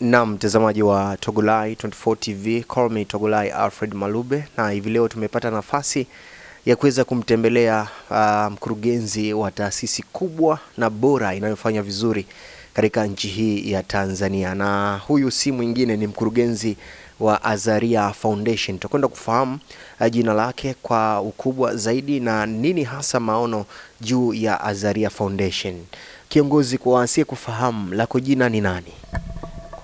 Na mtazamaji wa Togolai 24 TV, call me Togolai Alfred Malube, na hivi leo tumepata nafasi ya kuweza kumtembelea uh, mkurugenzi wa taasisi kubwa na bora inayofanya vizuri katika nchi hii ya Tanzania, na huyu si mwingine ni mkurugenzi wa Azaria Foundation. Tutakwenda kufahamu ah, jina lake kwa ukubwa zaidi na nini hasa maono juu ya Azaria Foundation. Kiongozi, kwa asiye kufahamu, lako jina ni nani?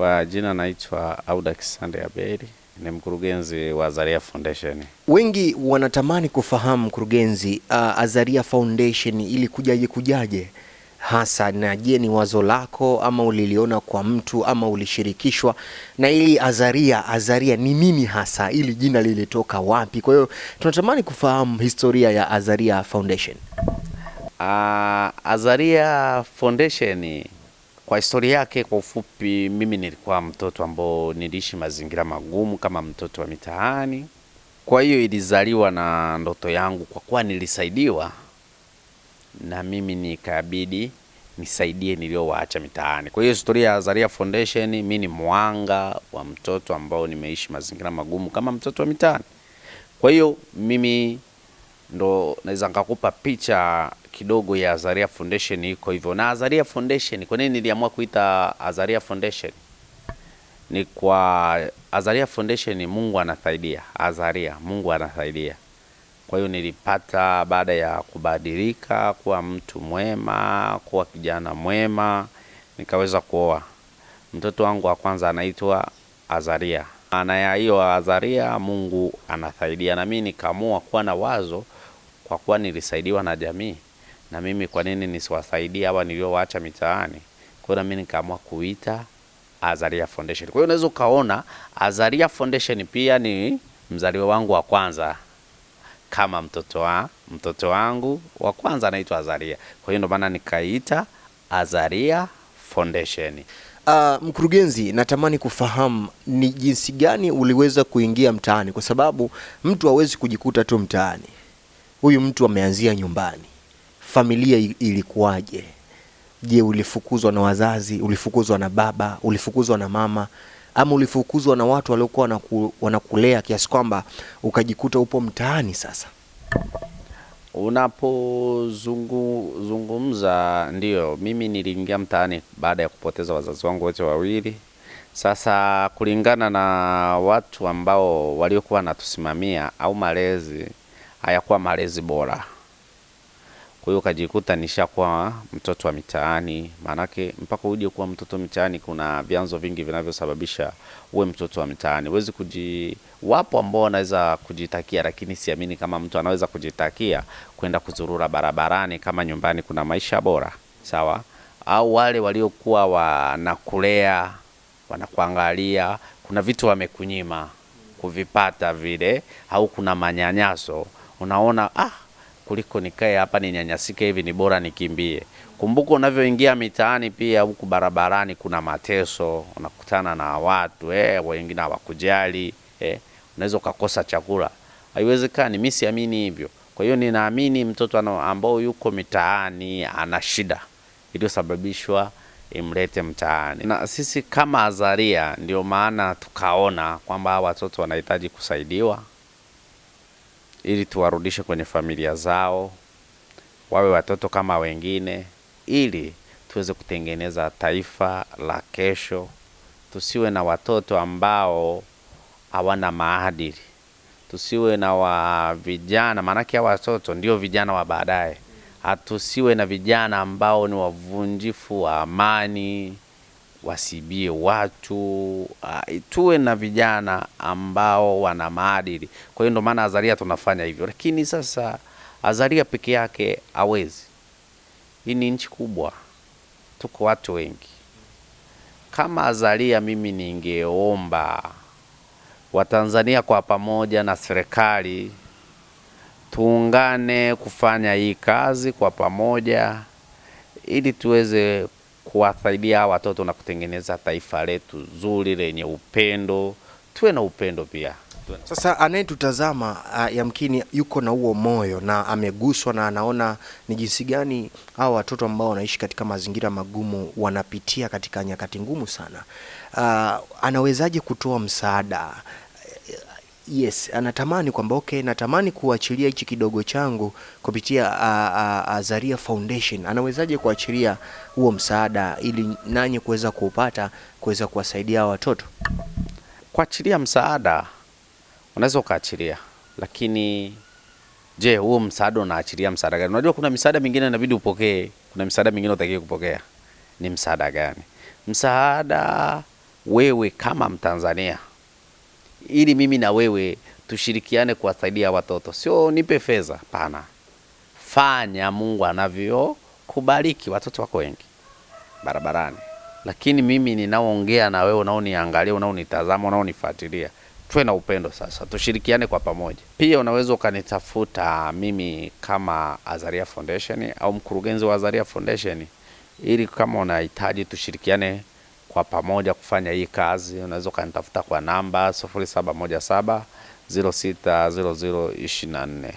Kwa jina naitwa Audax Sande Abeli, ni mkurugenzi wa Azaria Foundation. Wengi wanatamani kufahamu mkurugenzi, uh, Azaria Foundation ili kujaje kujaje hasa na je, ni wazo lako ama uliliona kwa mtu ama ulishirikishwa? Na ili Azaria, Azaria ni nini hasa? Ili jina lilitoka wapi? Kwa hiyo tunatamani kufahamu historia ya Azaria Foundation. Uh, Azaria Foundation kwa historia yake kwa ufupi, mimi nilikuwa mtoto ambao niliishi mazingira magumu kama mtoto wa mitaani. Kwa hiyo ilizaliwa na ndoto yangu, kwa kuwa nilisaidiwa na mimi nikabidi nisaidie niliowaacha mitaani. Kwa hiyo historia ya Zaria Foundation, mimi ni mwanga wa mtoto ambao nimeishi mazingira magumu kama mtoto wa mitaani. Kwa hiyo mimi ndo naweza nikakupa picha kidogo ya Azaria Foundation iko hivyo. Na Azaria Foundation, kwa nini niliamua kuita Azaria Foundation? Ni kwa Azaria Foundation, Mungu anasaidia. Azaria, Mungu anasaidia. Kwa hiyo nilipata baada ya kubadilika kuwa mtu mwema, kuwa kijana mwema, nikaweza kuoa. Mtoto wangu wa kwanza anaitwa Azaria. Maana ya hiyo Azaria, Mungu anasaidia, na mimi nikaamua kuwa na wazo kwa kuwa nilisaidiwa na jamii na mimi kwa nini nisiwasaidie hawa niliowaacha mitaani? Kwa hiyo nami nikaamua kuita Azaria Foundation. Kwa hiyo unaweza ukaona Azaria Foundation pia ni mzaliwa wangu wa kwanza kama mtoto wa mtoto wangu wa kwanza anaitwa Azaria. Kwa hiyo ndo maana nikaita Azaria Foundation. Uh, mkurugenzi, natamani kufahamu ni jinsi gani uliweza kuingia mtaani, kwa sababu mtu hawezi kujikuta tu mtaani. Huyu mtu ameanzia nyumbani familia ilikuwaje? Je, ulifukuzwa na wazazi? Ulifukuzwa na baba? Ulifukuzwa na mama? Ama ulifukuzwa na watu waliokuwa wanaku, wanakulea kiasi kwamba ukajikuta upo mtaani? Sasa unapozungumza, ndio mimi niliingia mtaani baada ya kupoteza wazazi wangu wote wawili. Sasa kulingana na watu ambao waliokuwa wanatusimamia au malezi hayakuwa malezi bora. Kwa hiyo ukajikuta nishakuwa mtoto wa mitaani, maanake mpaka uje kuwa mtoto mitaani kuna vyanzo vingi vinavyosababisha uwe mtoto wa mitaani. Huwezi kuji, wapo ambao wanaweza kujitakia, lakini siamini kama mtu anaweza kujitakia kwenda kuzurura barabarani kama nyumbani kuna maisha bora, sawa? Au wale waliokuwa wanakulea, wanakuangalia, kuna vitu wamekunyima kuvipata vile, au kuna manyanyaso unaona ah kuliko nikae hapa ninyanyasike hivi, ni bora nikimbie. Kumbuka unavyoingia mitaani pia huku barabarani kuna mateso, unakutana na watu eh, wengine hawakujali eh, unaweza ukakosa chakula. Haiwezekani, mimi siamini hivyo. Kwa hiyo ninaamini mtoto ambao yuko mitaani ana shida iliyosababishwa imlete mtaani, na sisi kama Azaria ndio maana tukaona kwamba watoto wanahitaji kusaidiwa ili tuwarudishe kwenye familia zao, wawe watoto kama wengine, ili tuweze kutengeneza taifa la kesho. Tusiwe na watoto ambao hawana maadili, tusiwe na wa vijana, maanake hawa watoto ndio vijana wa baadaye. Hatusiwe na vijana ambao ni wavunjifu wa amani wasibie watu uh, tuwe na vijana ambao wana maadili. Kwa hiyo ndio maana Azaria tunafanya hivyo, lakini sasa Azaria peke yake hawezi. Hii ni nchi kubwa, tuko watu wengi. Kama Azaria, mimi ningeomba Watanzania kwa pamoja na serikali tuungane kufanya hii kazi kwa pamoja ili tuweze kuwasaidia watoto na kutengeneza taifa letu zuri lenye upendo. Tuwe na upendo pia. Sasa anayetutazama uh, yamkini yuko na huo moyo na ameguswa na anaona ni jinsi gani hawa watoto ambao wanaishi katika mazingira magumu wanapitia katika nyakati ngumu sana. Uh, anawezaje kutoa msaada yes, anatamani kwamba okay, natamani kuachilia hichi kidogo changu kupitia Azaria Foundation. Anawezaje kuachilia huo msaada ili nanyi kuweza kuupata kuweza kuwasaidia watoto? Kuachilia msaada unaweza ukaachilia, lakini je, huo msaada unaachilia msaada gani? Unajua kuna misaada mingine inabidi upokee, kuna misaada mingine utakiwe kupokea. Ni msaada gani? Msaada wewe kama Mtanzania ili mimi na wewe tushirikiane kuwasaidia watoto, sio nipe fedha. Pana, fanya Mungu anavyo kubariki Watoto wako wengi barabarani, lakini mimi ninaoongea na wewe, unaoniangalia, unaonitazama, unaonifuatilia, tuwe na upendo sasa, tushirikiane kwa pamoja. Pia unaweza ukanitafuta mimi kama Azaria Foundation au mkurugenzi wa Azaria Foundation, ili kama unahitaji tushirikiane kwa pamoja kufanya hii kazi. Unaweza ukanitafuta kwa namba nne